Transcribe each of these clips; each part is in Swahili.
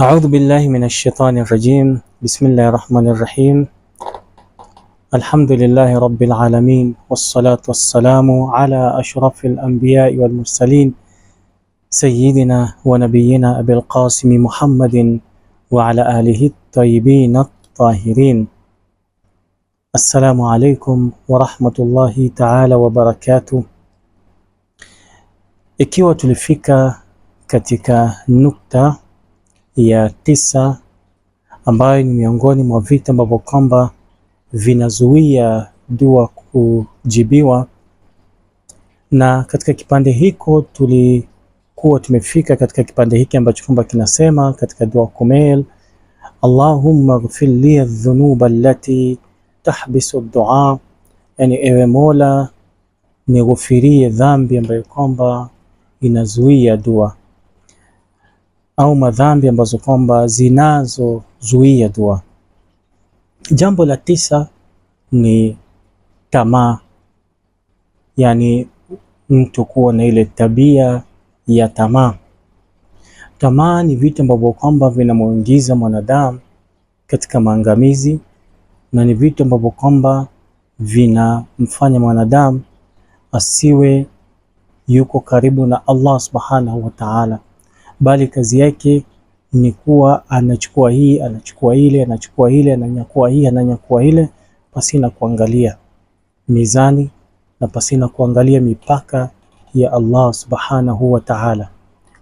أعوذ بالله من الشيطان الرجيم بسم الله الرحمن الرحيم الحمد لله رب العالمين والصلاة والسلام على أشرف الأنبياء والمرسلين سيدنا ونبينا أبي القاسم محمد وعلى آله الطيبين الطاهرين السلام عليكم ورحمة الله تعالى وبركاته إكيوة tulifika كتك نكتة ya tisa ambayo ni miongoni mwa vitu ambavyo kwamba vinazuia dua kujibiwa. Na katika kipande hiko tulikuwa tumefika katika kipande hiki ambacho kwamba kinasema katika dua Kumail, Allahumma ighfir li dhunuba allati tahbisu dua, yani ewe Mola nighufirie dhambi ambayo kwamba inazuia dua au madhambi ambazo kwamba zinazozuia dua. Jambo la tisa ni tamaa, yaani mtu kuwa na ile tabia ya tamaa. Tamaa ni vitu ambavyo kwamba vinamwingiza mwanadamu katika maangamizi na ni vitu ambavyo kwamba vinamfanya mwanadamu asiwe yuko karibu na Allah subhanahu wa ta'ala bali kazi yake ni kuwa anachukua hii, anachukua ile, anachukua ile, ananyakua hii, ananyakua ile, pasina kuangalia mizani na pasina kuangalia mipaka ya Allah subhanahu wa ta'ala.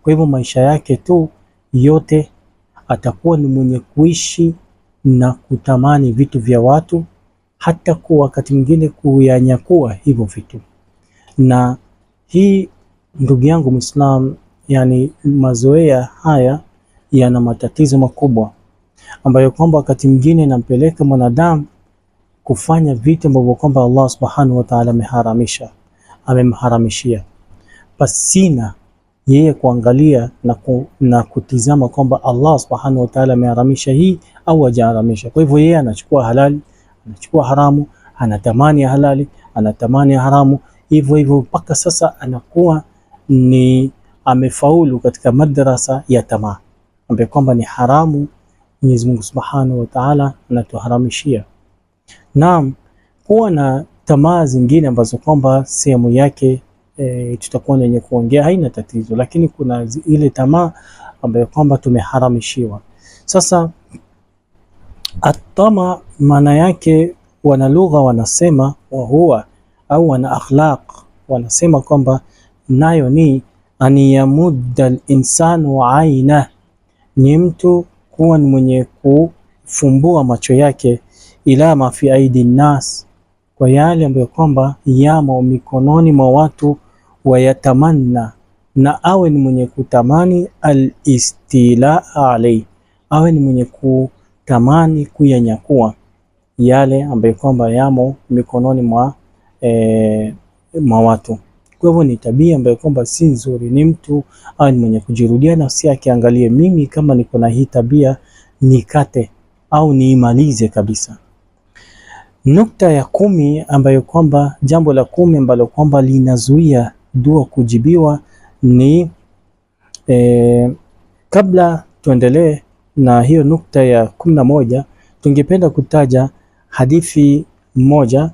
Kwa hivyo maisha yake tu yote atakuwa ni mwenye kuishi na kutamani vitu vya watu, hata kuwa wakati mwingine kuyanyakua hivyo vitu. Na hii ndugu yangu Muislam yani mazoea haya yana matatizo makubwa ambayo kwamba wakati mwingine inampeleka mwanadamu kufanya vitu ambavyo kwamba Allah subhanahu wa ta'ala ameharamisha amemharamishia pasina yeye kuangalia na, ku, na kutizama kwamba Allah subhanahu wa ta'ala ameharamisha hii au hajaharamisha. Kwa hivyo yeye anachukua halali, anachukua haramu, anatamani ya halali, anatamani ya haramu, hivyo hivyo mpaka sasa anakuwa ni amefaulu katika madrasa ya tamaa, ambaye kwamba ni haramu. Mwenyezi Mungu Subhanahu wa Ta'ala anatuharamishia. Naam, kuwa na tamaa zingine ambazo kwamba sehemu yake e, tutakuwa wenye kuongea haina tatizo, lakini kuna ile tamaa ambayo kwamba tumeharamishiwa. Sasa atama maana yake wana lugha wanasema wahuwa au wana akhlaq wanasema kwamba nayo ni an yamudda al-insanu aina, ni mtu kuwa ni mwenye kufumbua macho yake, ila ma fi aidi nnas, kwa yale ambayo kwamba yamo mikononi mwa watu, wayatamanna, na awe ni mwenye kutamani alistilaa alai, awe ni mwenye kutamani kuyanyakuwa yale ambayo kwamba yamo mikononi mwa, e, mwa watu. Kwa hivyo ni tabia ambayo kwamba si nzuri, ni mtu au ah, ni mwenye kujirudia nafsi yake, angalie mimi kama niko na hii tabia nikate au niimalize kabisa. Nukta ya kumi ambayo kwamba jambo la kumi ambalo kwamba linazuia dua kujibiwa ni e, kabla tuendelee na hiyo nukta ya kumi na moja tungependa kutaja hadithi moja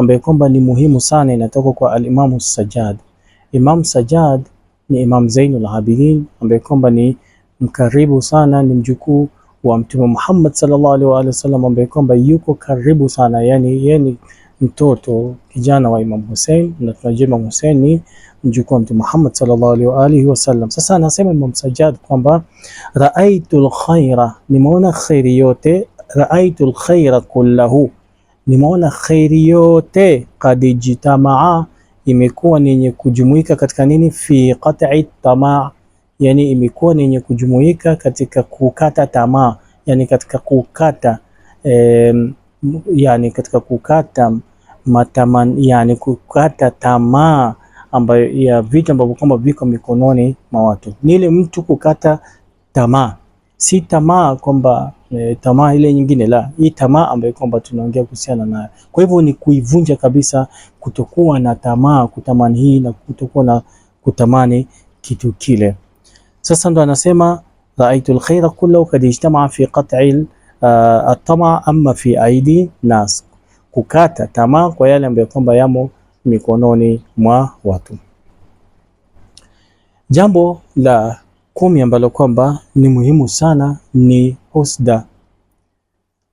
ambaye kwamba ni muhimu sana inatoka kwa alimamu Sajjad. Imam Sajjad ni Imam Zainul Abidin ambaye kwamba ni mkaribu sana, ni mjukuu wa Mtume Muhammad sallallahu alaihi wa sallam ambaye kwamba yuko karibu sana, yani yeye ni mtoto kijana wa Imam Hussein, na tunajua Imam Hussein ni mjukuu wa Mtume Muhammad sallallahu alaihi wa alihi wasallam. Sasa anasema Imam Sajjad kwamba raaitul khaira, nimeona khairi yote, raaitul khaira kullahu nimeona kheri yote kad jitamaa imekuwa ni yenye kujumuika katika nini, fi qat'i tamaa, yani imekuwa ni yenye kujumuika katika kukata tamaa, yani katika kukata eh, yani katika kukata mataman, yani kukata tamaa ambayo ya vitu ambavyo kwamba viko mikononi mwa watu. Ni mtu kukata tamaa si tamaa kwamba e, tamaa ile nyingine, la hii tamaa ambayo kwamba tunaongea kuhusiana nayo. Kwa hivyo ni kuivunja kabisa, kutokuwa na tamaa, kutamani hii na kutokuwa na kutamani kitu kile. Sasa ndo anasema raaitu alkhaira kullahu kad ijtamaa fi qat'i uh, eh, atama amma fi aidi nas, kukata tamaa kwa yale ambayo kwamba yamo mikononi mwa watu. Jambo la kumi ambalo kwamba ni muhimu sana ni husda.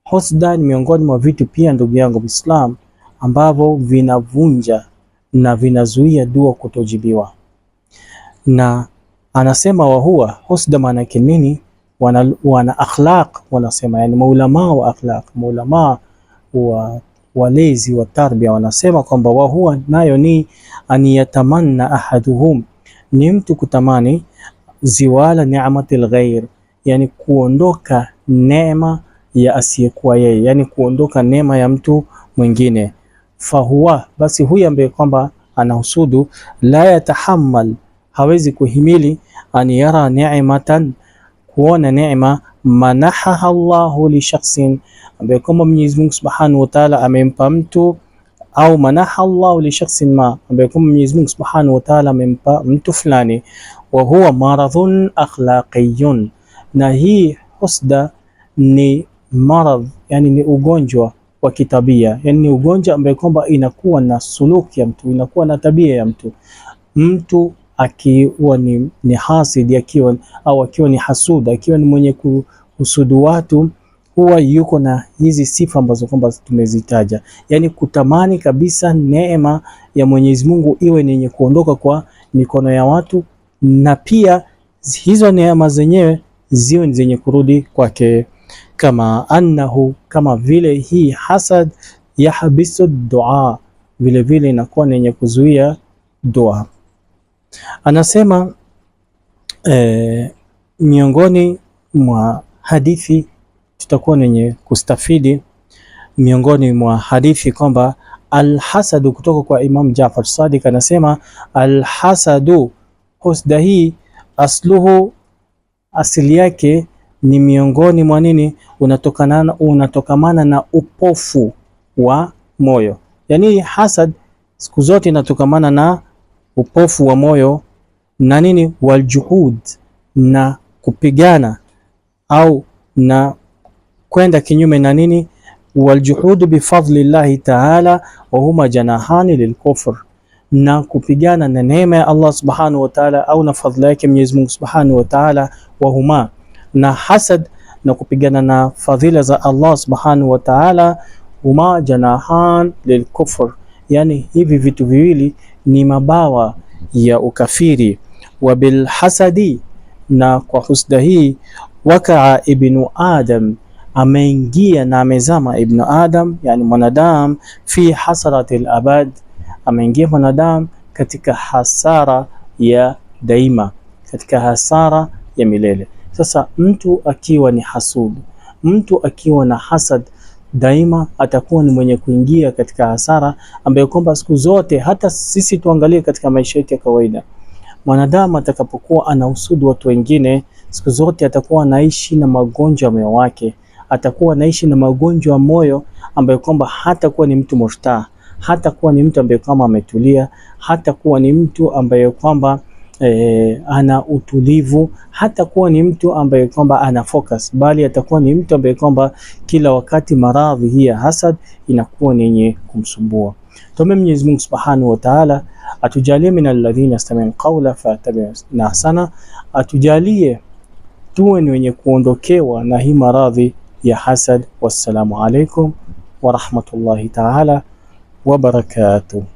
Husda ni miongoni mwa vitu pia, ndugu yangu Muislam, ambavyo vinavunja na vinazuia dua kutojibiwa. Na anasema wahuwa husda, maana yake nini? Wana, wana akhlaq wanasema, yani maulamaa wa akhlaq, maulamaa wa walezi wa tarbia wanasema kwamba wahuwa nayo ni an yatamanna ahaduhum, ni mtu kutamani ziwala ni'matil ghair, yani kuondoka neema ya asiyekuwa yeye, yani kuondoka neema ya mtu mwingine. Fahuwa, basi huyu ambaye kwamba anahusudu, la yatahammal, hawezi kuhimili, an yara ni'matan, kuona neema, manahaha Allahu li shakhsin, ambaye kwamba Mwenyezi Mungu Subhanahu wa Ta'ala amempa mtu au manaha Allahu li shakhsin ma, ambaye kwamba Mwenyezi Mungu Subhanahu wa Ta'ala amempa mtu fulani wa huwa maradhun akhlaqiyun, na hii husda ni maradh, yani ni ugonjwa wa kitabia, yani ni ugonjwa ambaye kwamba inakuwa na suluki ya mtu, inakuwa na tabia ya mtu. Mtu akiwa ni, ni hasid akiwa au akiwa ni hasuda, akiwa ni mwenye kuhusudu watu huwa yuko na hizi sifa ambazo kwamba tumezitaja, yani kutamani kabisa neema ya Mwenyezi Mungu iwe ni yenye kuondoka kwa mikono ya watu na pia hizo neema zenyewe ziwe ni zenye kurudi kwake, kama annahu, kama vile hii hasad yahbisu dua, vile vile inakuwa ni yenye kuzuia dua. Anasema e, miongoni mwa hadithi tutakuwa nenye kustafidi miongoni mwa hadithi kwamba alhasadu kutoka kwa Imam Jafar Sadiq anasema alhasadu Qasida hii asluhu, asili yake ni miongoni mwa nini, unatokana unatokamana na upofu wa moyo. Yani hasad siku zote inatokamana na upofu wa moyo na nini, waljuhud, na kupigana au na kwenda kinyume na nini, waljuhudu llahi taala wahuma janahani lilkufr na kupigana na neema ya Allah subhanahu wa ta'ala, au na fadhila yake Mwenyezi Mungu subhanahu wa ta'ala, wahuma na hasad na kupigana na fadhila za Allah subhanahu wa ta'ala, huma janahan lilkufr, yani hivi vitu viwili ni mabawa ya ukafiri. Wa bilhasadi, na kwa husda hii, wakaa ibnu adam ameingia na amezama ibnu adam, yani mwanadamu, fi hasaratil abad ameingia mwanadamu katika hasara ya daima, katika hasara ya milele. Sasa mtu akiwa ni hasudu, mtu akiwa na hasad daima atakuwa ni mwenye kuingia katika hasara ambayo kwamba siku zote, hata sisi tuangalie katika maisha yetu ya kawaida, mwanadamu atakapokuwa anahusudu watu wengine, siku zote atakuwa anaishi na magonjwa ya moyo wake, atakuwa anaishi na magonjwa ya moyo ambayo kwamba hatakuwa ni mtu murtaa, hata kuwa ni mtu ambaye kwamba ametulia, hata kuwa ni mtu ambaye kwamba E, ana utulivu hata kuwa ni mtu ambaye kwamba ana focus, bali atakuwa ni mtu ambaye kwamba kila wakati maradhi hii ya hasad inakuwa ni yenye kumsumbua. Tume Mwenyezi Mungu Subhanahu wa Ta'ala atujalie min alladhina yastami'u qawla fayattabi'una ahsana, atujalie tuwe ni wenye kuondokewa na hii maradhi ya hasad. Wassalamu alaikum wa rahmatullahi ta'ala وبركاته